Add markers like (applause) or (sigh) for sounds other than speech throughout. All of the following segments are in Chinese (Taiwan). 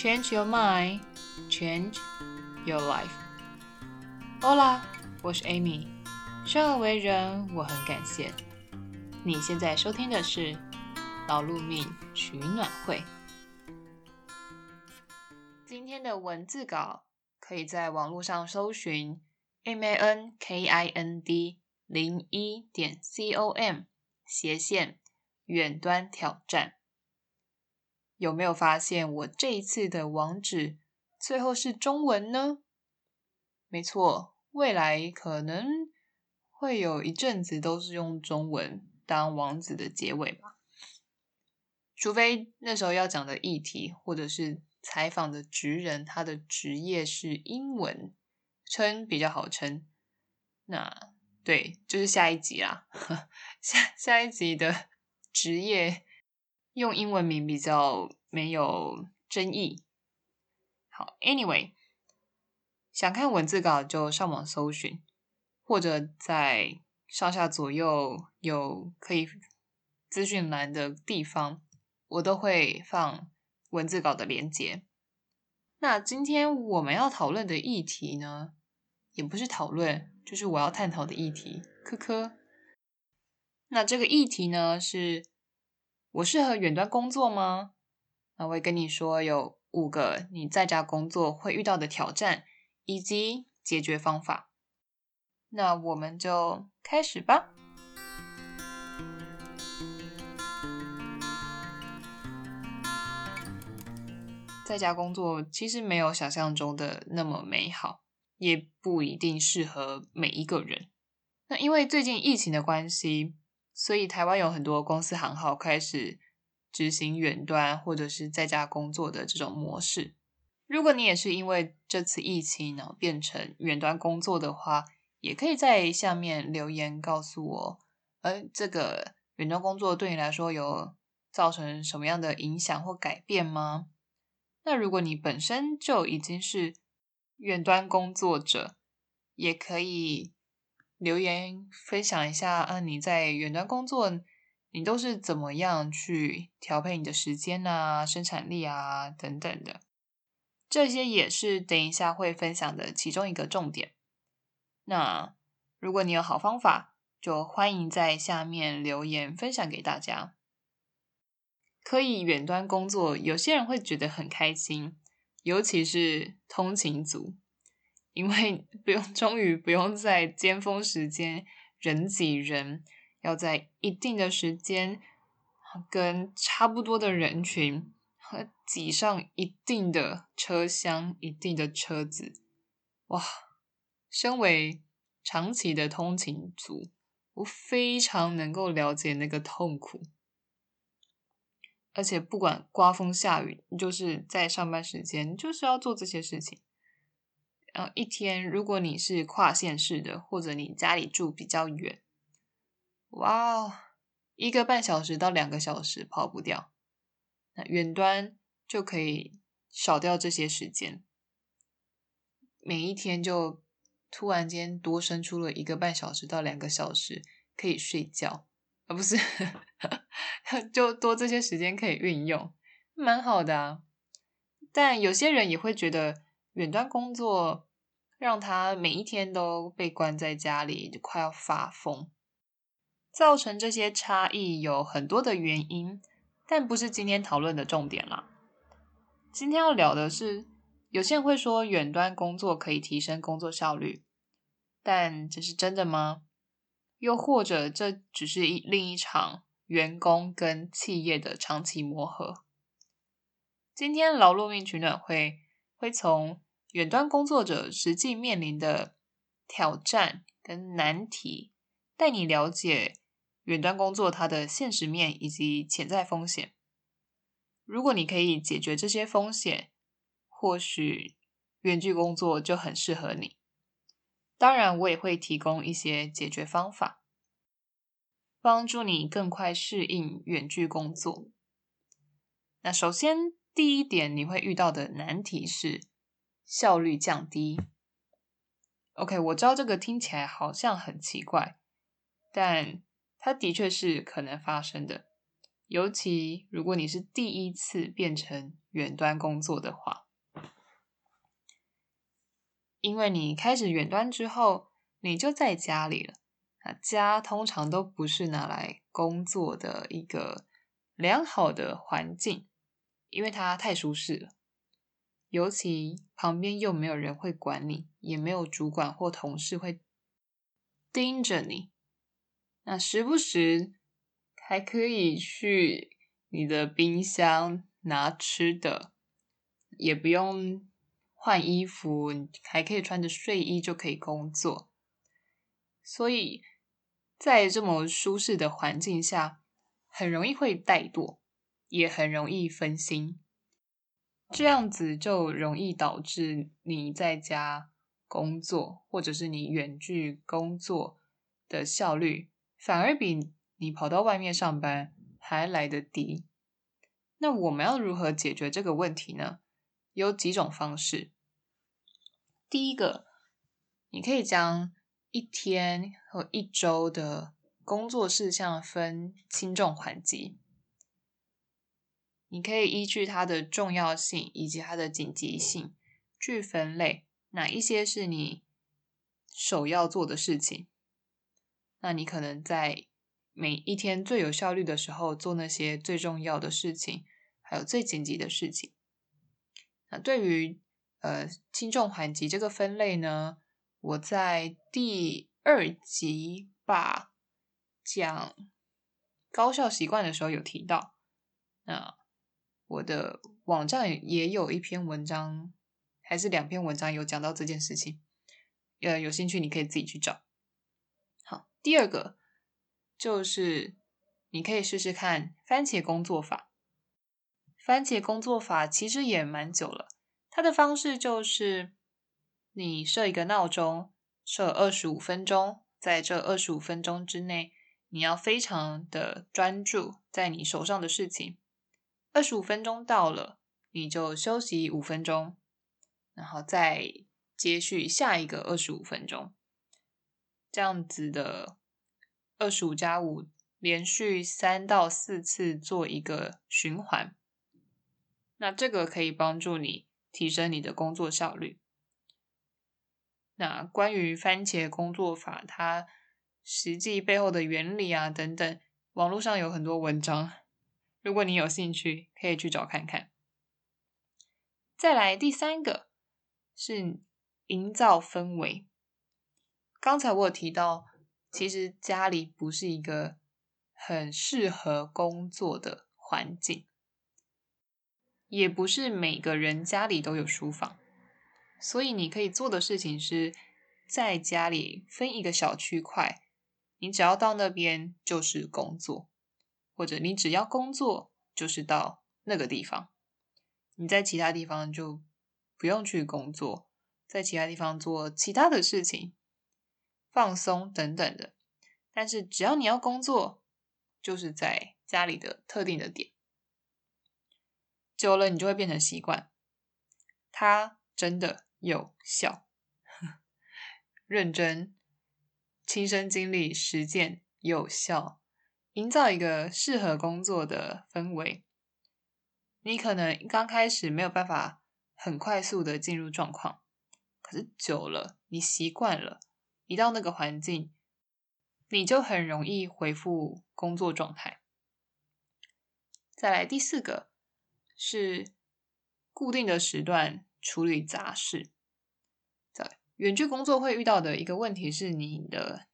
Change your mind, change your life. Hola，我是 Amy。生而為人，我很感謝。你現在收聽的是勞碌命取暖會。今天的文字稿可以在網絡上搜尋 mankind 零一點 com 斜線遠端挑戰。有沒有發現我這一次的網址最後是中文呢？沒錯，未來可能會有一陣子都是用中文當網址的結尾吧，除非那時候要講的議題或者是採訪的職人，他的職業是英文，稱比較好稱。那對，就是下一集啦，下下一集的職業用英文名比較，沒有爭議。好，Anyway，想看文字稿就上網搜尋，或者在上下左右有可以資訊欄的地方，我都會放文字稿的連結。那今天我們要討論的議題呢，也不是討論，就是我要探討的議題。科科，那這個議題呢，是我適合遠端工作嗎？那我也跟你說，有五個你在家工作會遇到的挑戰以及解決方法。那我們就開始吧。在家工作其實沒有想象中的那麼美好，也不一定適合每一個人。那因為最近疫情的關係，所以台灣有很多公司行號開始，執行遠端或者是在家工作的這種模式。如果你也是因為這次疫情呢、啊、變成遠端工作的話，也可以在下面留言告訴我。嗯、呃，這個遠端工作對你來說有造成什麼樣的影響或改變嗎？那如果你本身就已經是遠端工作者，也可以留言分享一下。啊，你在遠端工作。你都是怎麼樣去調配你的時間啊，生產力啊，等等的，這些也是等一下會分享的其中一個重點。那如果你有好方法，就歡迎在下面留言分享給大家。可以遠端工作，有些人會覺得很開心，尤其是通勤族，因為不用終於不用在尖峰時間人擠人。要在一定的時間，跟差不多的人群和擠上一定的車廂、一定的車子，哇！身為長期的通勤族，我非常能夠了解那個痛苦。而且不管颳風下雨，就是在上班時間，就是要做這些事情。然後一天，如果你是跨縣市的，或者你家裡住比較遠。哇哦，wow, 一個半小時到兩個小時跑不掉，那遠端就可以少掉這些時間，每一天就突然間多生出了一個半小時到兩個小時可以睡覺，而、啊、不是 (laughs) 就多這些時間可以運用，蠻好的啊。但有些人也會覺得遠端工作讓他每一天都被關在家裡，就快要發瘋。造成這些差異有很多的原因，但不是今天討論的重點啦。今天要聊的是，有些人會說遠端工作可以提升工作效率，但這是真的嗎？又或者這只是一另一場員工跟企業的長期磨合？今天勞碌命取暖會會從遠端工作者實際面臨的挑戰跟難題，帶你了解。遠端工作它的現實面以及潛在風險，如果你可以解決這些風險，或許遠距工作就很適合你。當然，我也會提供一些解決方法，幫助你更快適應遠距工作。那首先，第一點你會遇到的難題是效率降低。OK，我知道這個聽起來好像很奇怪，但它的確是可能發生的，尤其如果你是第一次變成遠端工作的話，因為你開始遠端之後，你就在家裡了。那家通常都不是拿來工作的一個良好的環境，因為它太舒適了，尤其旁邊又沒有人會管你，也沒有主管或同事會盯着你。那時不時還可以去你的冰箱拿吃的，也不用換衣服，還可以穿着睡衣就可以工作。所以在這麼舒適的環境下，很容易會怠惰，也很容易分心，這樣子就容易導致你在家工作或者是你遠距工作的效率。反而比你跑到外面上班還來得低。那我們要如何解決這個問題呢？有幾種方式。第一個，你可以將一天和一周的工作事項分輕重緩急。你可以依據它的重要性以及它的緊急性，去分類，哪一些是你首要做的事情。那你可能在每一天最有效率的時候做那些最重要的事情，還有最緊急的事情。那對於呃輕重緩急這個分類呢，我在第二集吧，講高效習慣的時候有提到。那我的網站也有一篇文章，還是兩篇文章有講到這件事情。呃，有興趣你可以自己去找。第二個就是，你可以試試看番茄工作法。番茄工作法其實也蠻久了，它的方式就是你設一個鬧鐘，設二十五分鐘，在這二十五分鐘之內，你要非常的專注在你手上的事情。二十五分鐘到了，你就休息五分鐘，然後再接續下一個二十五分鐘。這樣子的二十五加五，連續三到四次做一個循環，那這個可以幫助你提升你的工作效率。那關於番茄工作法，它實際背後的原理啊等等，網絡上有很多文章，如果你有興趣，可以去找看看。再來第三個是營造氛圍。剛才我有提到，其實家裡不是一個很適合工作的環境，也不是每個人家裡都有書房，所以你可以做的事情是在家裡分一個小區塊，你只要到那邊就是工作，或者你只要工作就是到那個地方，你在其他地方就不用去工作，在其他地方做其他的事情。放鬆等等的，但是只要你要工作，就是在家裡的特定的點。久了，你就會變成習慣。它真的有效，呵呵認真親身經歷實踐有效，營造一個適合工作的氛圍。你可能剛開始沒有辦法很快速的進入狀況，可是久了，你習慣了。一到那個環境，你就很容易恢復工作狀態。再來第四個是固定的時段處理雜事。在遠距工作會遇到的一個問題是，你的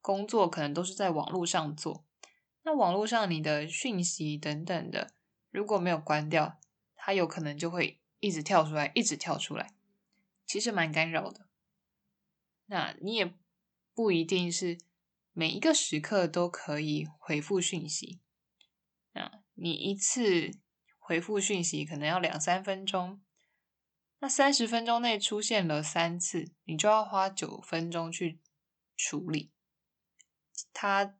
工作可能都是在網絡上做，那網絡上你的訊息等等的，如果沒有關掉，它有可能就會一直跳出來，一直跳出來，其實蠻干擾的。那你也不一定是每一個時刻都可以回復訊息，那你一次回復訊息可能要兩三分鐘，那三十分鐘內出現了三次，你就要花九分鐘去處理。它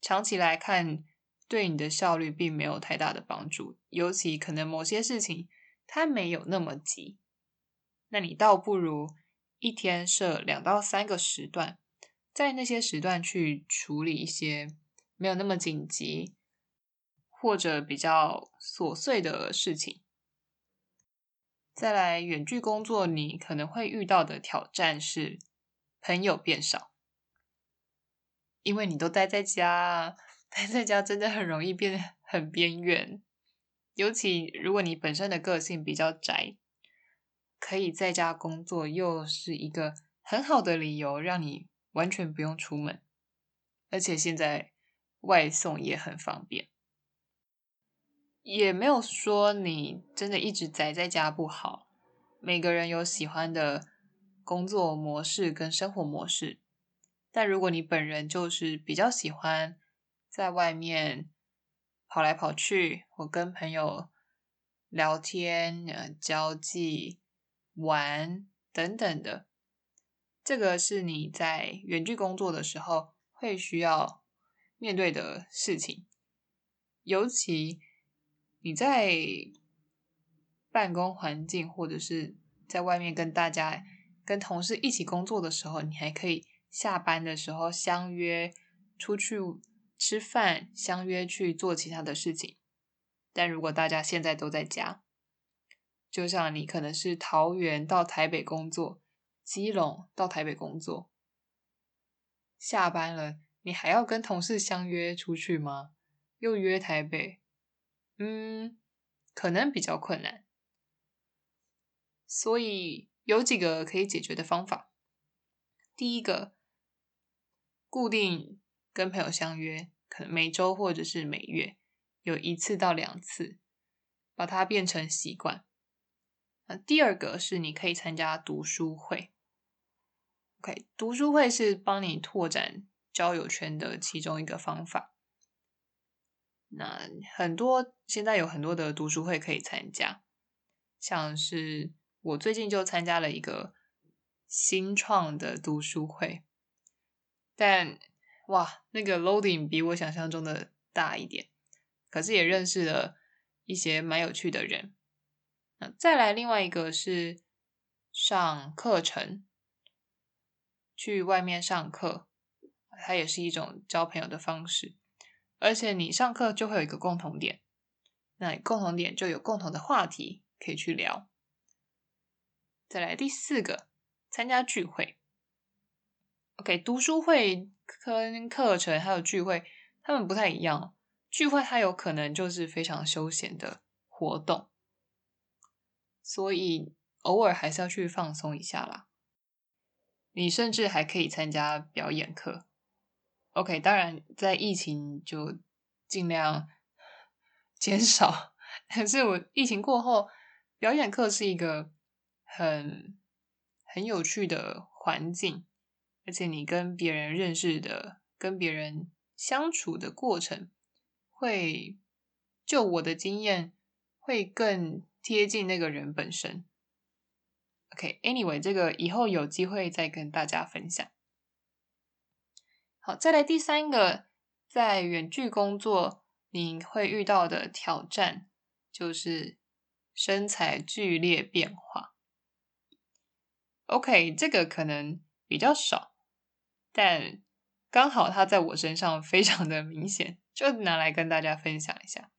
長期來看對你的效率並沒有太大的幫助，尤其可能某些事情它沒有那麼急，那你倒不如。一天設兩到三個時段，在那些時段去處理一些沒有那麼緊急或者比較瑣碎的事情。再來，遠距工作你可能會遇到的挑戰是朋友變少，因為你都待在家，待在家真的很容易變得很邊緣，尤其如果你本身的個性比較宅。可以在家工作，又是一個很好的理由，讓你完全不用出門。而且現在外送也很方便，也沒有說你真的一直宅在家不好。每個人有喜歡的工作模式跟生活模式，但如果你本人就是比較喜歡在外面跑來跑去，我跟朋友聊天、呃，交際。玩等等的，這個是你在遠距工作的時候會需要面對的事情。尤其你在辦公環境或者是在外面跟大家、跟同事一起工作的時候，你還可以下班的時候相約出去吃飯，相約去做其他的事情。但如果大家現在都在家，就像你可能是桃園到台北工作，基隆到台北工作，下班了你還要跟同事相約出去嗎？又約台北，嗯，可能比較困難。所以有幾個可以解決的方法。第一個，固定跟朋友相約，可能每週或者是每月有一次到兩次，把它變成習慣。那第二個是你可以參加讀書會，OK，讀書會是幫你拓展交友圈的其中一個方法。那很多，現在有很多的讀書會可以參加，像是我最近就參加了一個新創的讀書會，但哇，那個 loading 比我想象中的大一點，可是也認識了一些蠻有趣的人。那再來，另外一個是上課程，去外面上課，它也是一種交朋友的方式，而且你上課就會有一個共同點，那你共同點就有共同的話題可以去聊。再來第四個，參加聚會。OK，讀書會跟課程還有聚會，他們不太一樣，聚會它有可能就是非常休閒的活動。所以偶爾還是要去放鬆一下啦。你甚至還可以參加表演課，OK，當然，在疫情就尽量減少。但是我疫情過後，表演課是一個很很有趣的環境，而且你跟別人認識的、跟別人相處的過程，會就我的經驗會更。貼近那個人本身。OK，anyway，okay，這個以後有機會再跟大家分享。好，再來第三個，在遠距工作你會遇到的挑戰就是身材劇烈變化。OK，這個可能比較少，但剛好它在我身上非常的明顯，就拿來跟大家分享一下。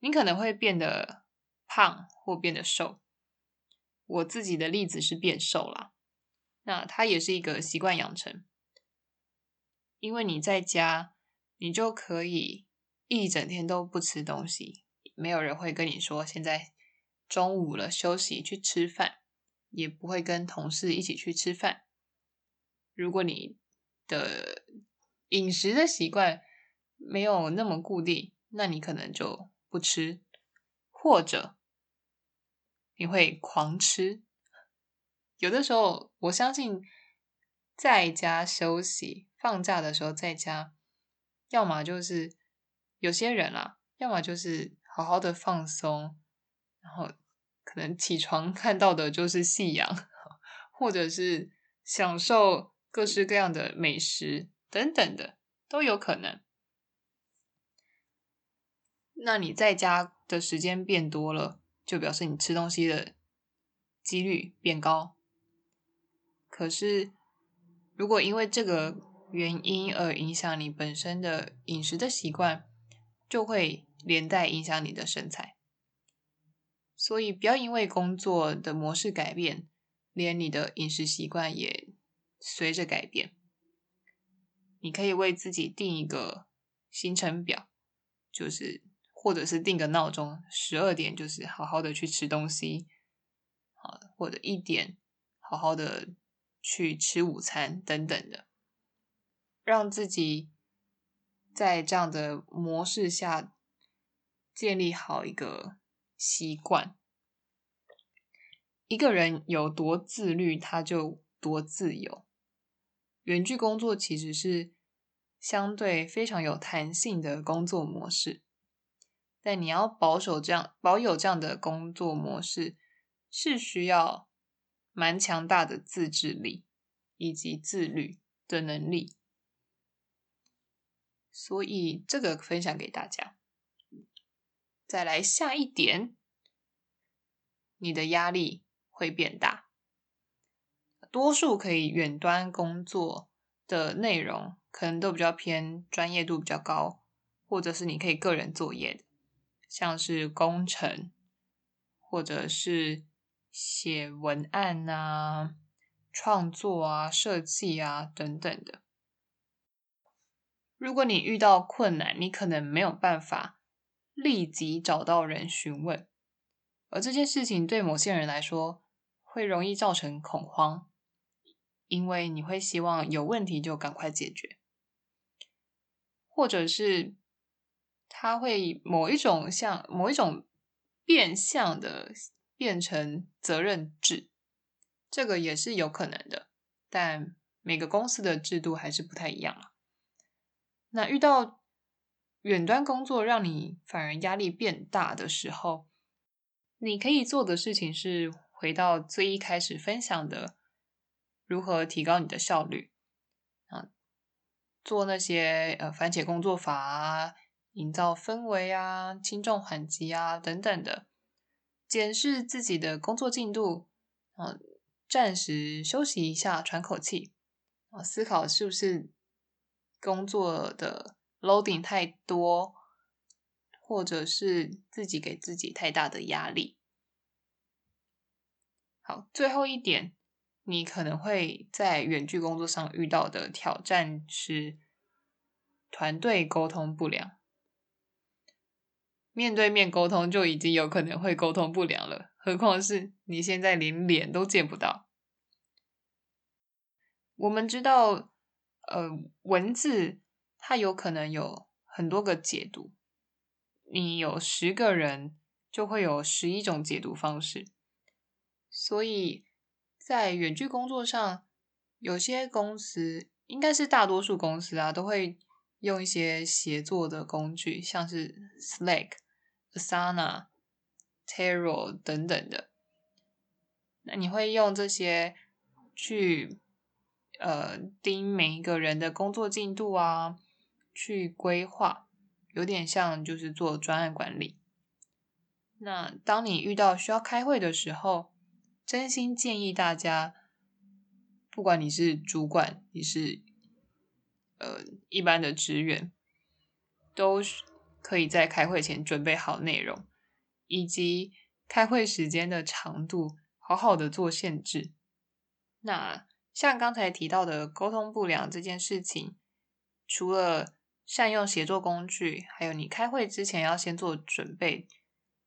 你可能會變得。胖或變得瘦，我自己的例子是變瘦啦。那它也是一個習慣養成，因為你在家，你就可以一整天都不吃東西，沒有人會跟你說現在中午了，休息去吃飯，也不會跟同事一起去吃飯。如果你的飲食的習慣沒有那麼固定，那你可能就不吃，或者。你會狂吃，有的時候，我相信在家休息、放假的時候，在家，要麼就是有些人啊，要麼就是好好的放鬆，然後可能起床看到的就是夕陽，或者是享受各式各樣的美食等等的都有可能。那你在家的時間變多了。就表示你吃東西的幾率變高，可是如果因為這個原因而影響你本身的飲食的習慣，就會連帶影響你的身材。所以不要因為工作的模式改變，連你的飲食習慣也隨着改變。你可以為自己定一個行程表，就是。或者是定個鬧鐘，十二點就是好好的去吃東西，好，或者一點好好的去吃午餐等等的，讓自己在這樣的模式下建立好一個習慣。一個人有多自律，他就多自由。遠距工作其實是相對非常有彈性的工作模式。但你要保守這樣，保有這樣的工作模式，是需要蠻強大的自制力以及自律的能力。所以這個分享給大家。再來下一點，你的壓力會變大。多數可以遠端工作的內容，可能都比較偏專業度比較高，或者是你可以個人作業的。像是工程，或者是寫文案啊、創作啊、設計啊等等的。如果你遇到困難，你可能沒有辦法立即找到人詢問，而這件事情對某些人來說會容易造成恐慌，因為你會希望有問題就趕快解決，或者是。他會某一種像某一種變相的變成責任制，這個也是有可能的。但每個公司的制度還是不太一樣啊，那遇到遠端工作讓你反而壓力變大的時候，你可以做的事情是回到最一開始分享的，如何提高你的效率啊，做那些呃番茄工作法啊營造氛圍啊，輕重緩急啊，等等的，檢視自己的工作進度，啊，暫時休息一下，喘口氣，啊，思考是不是工作的 loading 太多，或者是自己給自己太大的壓力。好，最後一點，你可能會在遠距工作上遇到的挑戰是團隊溝通不良。面對面溝通就已經有可能會溝通不良了，何況是你現在連臉都見不到。我們知道，呃，文字它有可能有很多個解讀，你有十個人就會有十一種解讀方式。所以在遠距工作上，有些公司應該是大多數公司啊，都會用一些協作的工具，像是 Slack。Asana、Trello 等等的，那你會用這些去呃盯每一個人的工作進度啊，去規劃，有點像就是做專案管理。那當你遇到需要開會的時候，真心建議大家，不管你是主管，你是呃一般的職員，都是。可以在開會前準備好內容，以及開會時間的長度，好好的做限制。那像剛才提到的溝通不良這件事情，除了善用協作工具，還有你開會之前要先做準備，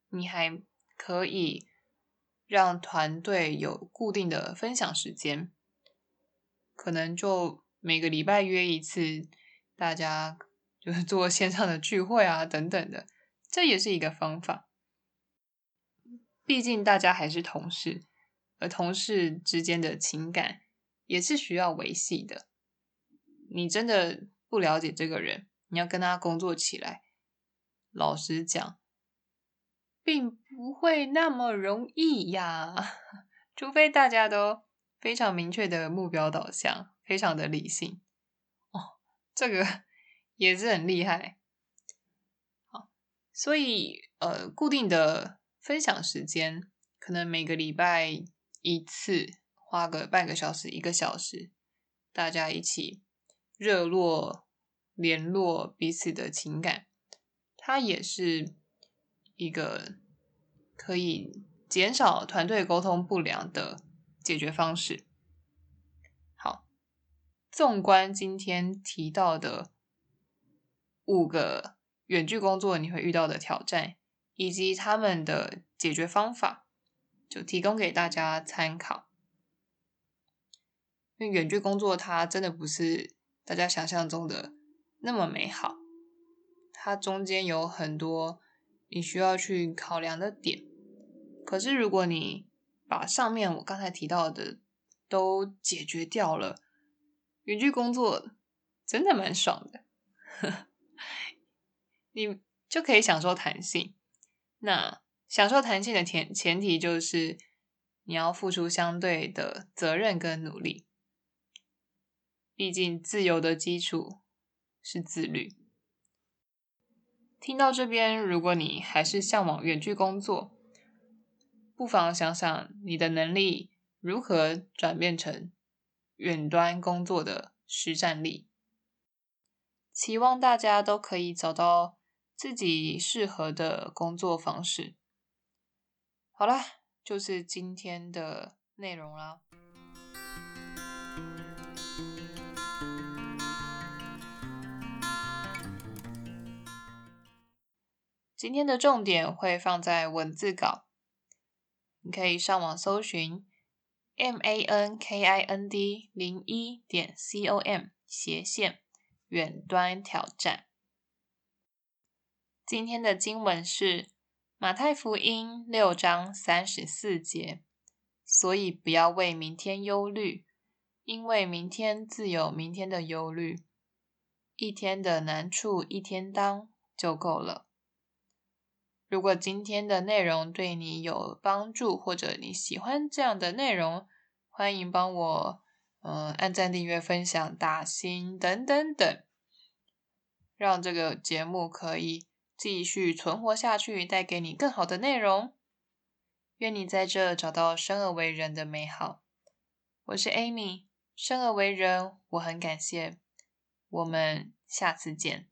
你還可以讓團隊有固定的分享時間，可能就每個禮拜約一次，大家。就是做線上的聚會啊，等等的，這也是一個方法。畢竟大家還是同事，而同事之間的情感也是需要維繫的。你真的不了解這個人，你要跟他工作起來，老實講，並不會那麼容易呀。除非大家都非常明確的目標導向，非常的理性。哦，這個。也是很厲害，好，所以呃，固定的分享時間，可能每個禮拜一次，花個半個小時、一個小時，大家一起熱絡聯絡彼此的情感，它也是一個可以減少團隊溝通不良的解決方式。好，縱觀今天提到的。五個遠距工作你會遇到的挑戰，以及他們的解決方法，就提供給大家參考。因為遠距工作它真的不是大家想象中的那麼美好，它中間有很多你需要去考量的點。可是如果你把上面我剛才提到的都解決掉了，遠距工作真的蠻爽的。呵 (laughs) 你就可以享受彈性。那享受彈性的前前提就是你要付出相對的責任跟努力，畢竟自由的基礎是自律。聽到這邊，如果你還是向往遠距工作，不妨想想你的能力如何轉變成遠端工作的實戰力。期望大家都可以找到。自己適合的工作方式。好啦，就是今天的內容啦。今天的重點會放在文字稿，你可以上網搜尋 m a n k i n d 零一點 c o m 斜線遠端挑戰。今天的經文是馬太福音六章三十四節，所以不要為明天憂慮，因為明天自有明天的憂慮，一天的難處一天當就夠了。如果今天的內容對你有幫助，或者你喜歡這樣的內容，歡迎幫我嗯、呃、按讚、訂閱、分享、打星等等等，讓這個節目可以。繼續存活下去，帶給你更好的內容。願你在這找到生而為人的美好。我是 Amy，生而為人，我很感謝。我們下次見。